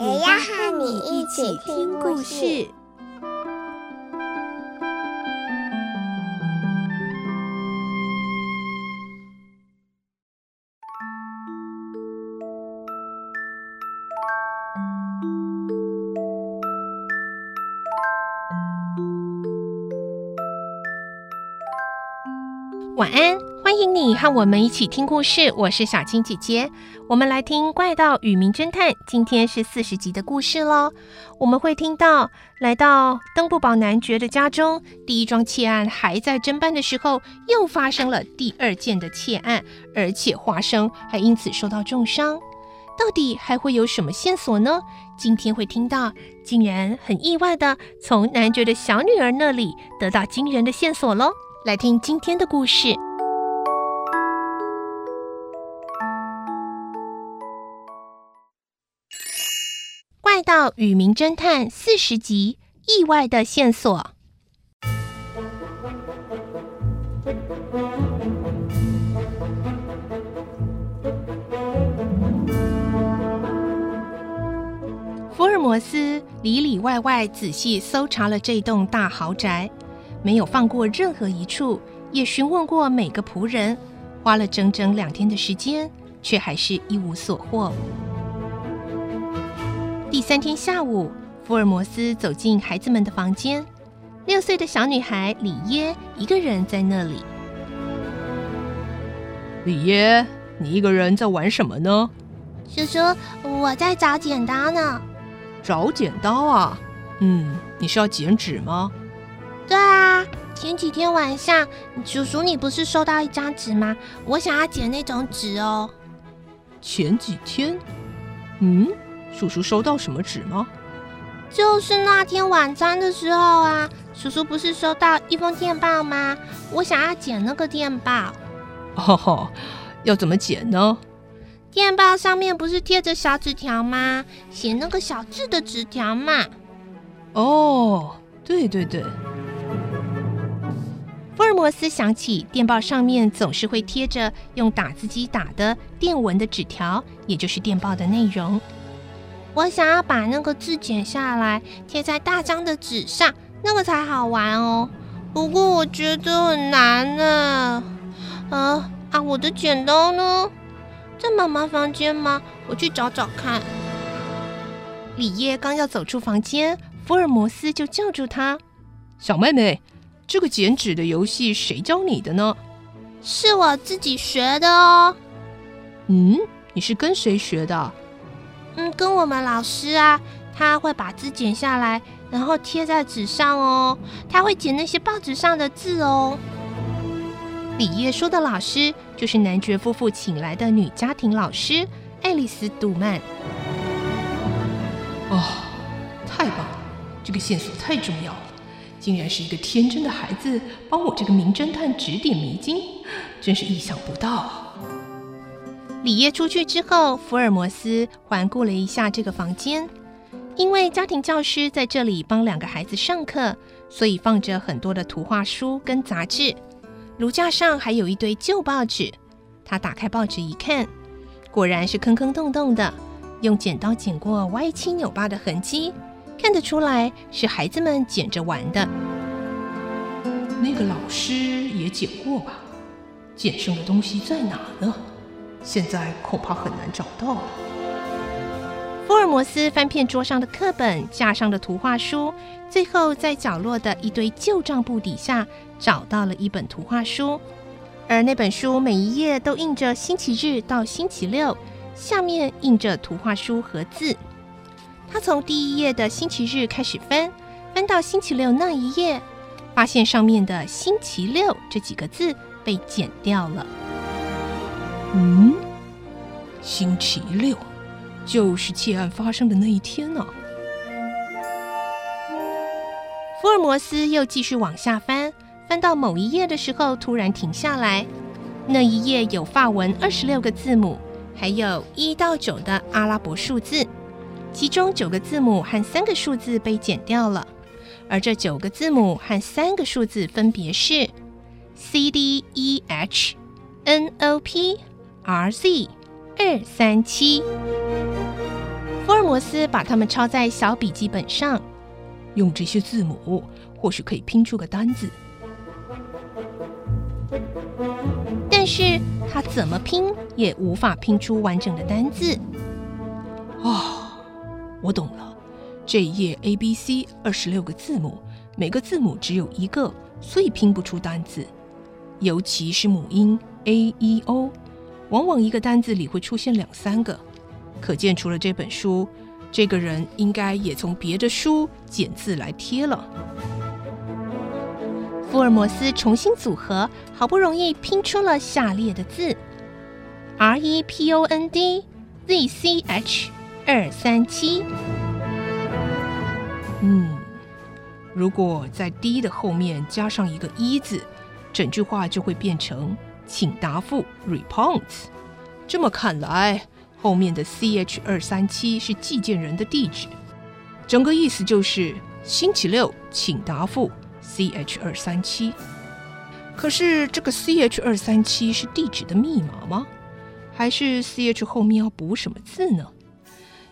也要，要和你一起聽故事。晚安。歡迎你和我們一起聽故事，我是小青姐姐。我們來聽《怪盜與名偵探》，今天是四十集的故事嘍。我們會聽到來到登布堡男爵的家中，第一樁竊案還在偵辦的時候，又發生了第二件的竊案，而且華生還因此受到重傷。到底還會有什麼線索呢？今天會聽到，竟然很意外的從男爵的小女兒那裡得到驚人的線索嘍！來聽今天的故事。到《與名偵探40》四十集，意外的線索。福爾摩斯裡裡外外仔細搜查了這棟大豪宅，沒有放過任何一處，也詢問過每個僕人，花了整整兩天的時間，卻還是一無所獲。第三天下午，福爾摩斯走進孩子們的房間。六歲的小女孩里耶一個人在那裡。里耶，你一個人在玩什麼呢？叔叔，我在找剪刀呢。找剪刀啊？嗯，你是要剪紙嗎？對啊，前幾天晚上，叔叔你不是收到一張紙嗎？我想要剪那種紙哦。前幾天？嗯。叔叔收到什麼紙嗎？就是那天晚餐的時候啊，叔叔不是收到一封電報嗎？我想要剪那個電報。哦吼，要怎麼剪呢？電報上面不是貼着小紙條嗎？寫那個小字的紙條嘛。哦，對對對。福爾摩斯想起，電報上面總是會貼着用打字機打的電文的紙條，也就是電報的內容。我想要把那個字剪下來貼在大張的紙上，那個才好玩哦。不過我覺得很難呢。啊啊，我的剪刀呢？在媽媽房間嗎？我去找找看。里耶剛要走出房間，福爾摩斯就叫住他：“小妹妹，這個剪紙的遊戲誰教你的呢？”“是我自己學的哦。”“嗯，你是跟誰學的？”嗯，跟我們老師啊，他會把字剪下來，然後貼在紙上哦。他會剪那些報紙上的字哦。里耶說的老師就是男爵夫婦請來的女家庭老師愛麗絲·杜曼。哦，太棒了！這個線索太重要了，竟然是一個天真的孩子幫我這個名偵探指點迷津，真是意想不到。里耶出去之後，福爾摩斯環顧了一下這個房間，因為家庭教師在這裡幫兩個孩子上課，所以放着很多的圖畫書跟雜誌，爐架上還有一堆舊報紙。他打開報紙一看，果然是坑坑洞洞的，用剪刀剪過歪七扭八的痕跡，看得出來是孩子們剪着玩的。那個老師也剪過吧？剪剩的東西在哪呢？現在恐怕很難找到了。福爾摩斯翻遍桌上的課本、架上的圖畫書，最後在角落的一堆舊賬簿底下找到了一本圖畫書。而那本書每一頁都印着星期日到星期六，下面印着圖畫書和字。他從第一頁的星期日開始翻，翻到星期六那一頁，發現上面的星期六這幾個字被剪掉了。嗯，星期六就是竊案發生的那一天呢、啊。福爾摩斯又繼續往下翻，翻到某一頁的時候突然停下來。那一頁有法文二十六個字母，還有一到九的阿拉伯數字，其中九個字母和三個數字被剪掉了。而這九個字母和三個數字分別是 C D E H N O P。R C 二三七，福爾摩斯把它們抄在小筆記本上，用這些字母或許可以拼出個單字。但是他怎麼拼也無法拼出完整的單字。啊、哦，我懂了，這一頁 A B C 二十六個字母，每個字母只有一個，所以拼不出單字，尤其是母音 A E O。往往一個單字裡會出現兩三個，可見除了這本書，這個人應該也從別的書剪字來貼了。福爾摩斯重新組合，好不容易拼出了下列的字：R E P O N D Z C H 二三七。嗯，如果在 “D” 的後面加上一個 “E” 字，整句話就會變成。請答覆。Response。這麼看來，後面的 CH 二三七是寄件人的地址。整個意思就是星期六請答覆 CH 二三七。可是這個 CH 二三七是地址的密碼嗎？還是 CH 後面要補什麼字呢？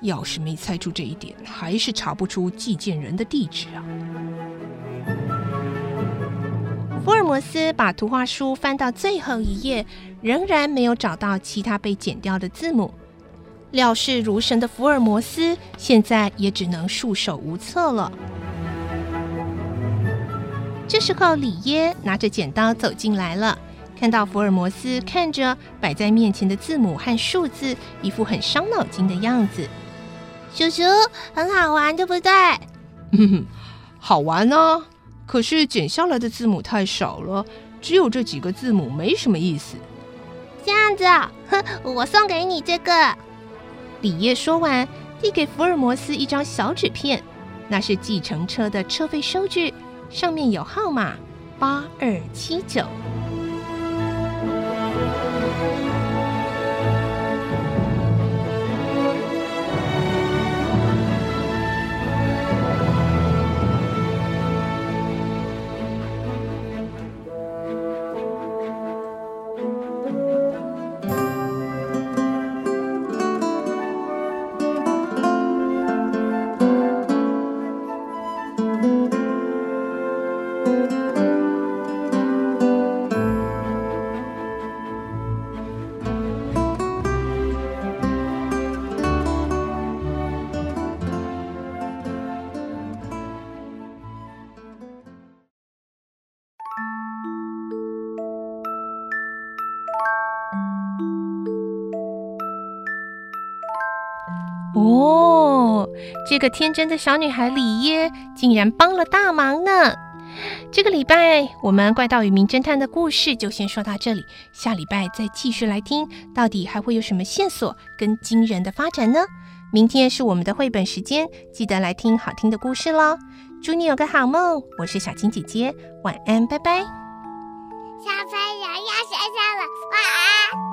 要是沒猜出這一點，還是查不出寄件人的地址啊。福爾摩斯把圖畫書翻到最後一頁，仍然沒有找到其他被剪掉的字母。料事如神的福爾摩斯現在也只能束手無策了。這時候，里耶拿着剪刀走進來了，看到福爾摩斯看着擺在面前的字母和數字，一副很傷腦筋的樣子。叔叔，很好玩，對不對？嗯， 好玩哦。可是剪下來的字母太少了，只有這幾個字母，沒什麼意思。這樣子啊，哼，我送給你這個。裡耶說完，遞給福爾摩斯一張小紙片，那是計程車的車費收據，上面有號碼八二七九。哦，這個天真的小女孩裡耶竟然幫了大忙呢！這個禮拜，我們怪盜與名偵探的故事就先說到這裡，下禮拜再繼續來聽，到底還會有什麼線索跟驚人的發展呢？明天是我們的繪本時間，記得來聽好聽的故事嘍！祝你有個好夢，我是小青姐姐，晚安，拜拜。小朋友要睡覺了，晚安。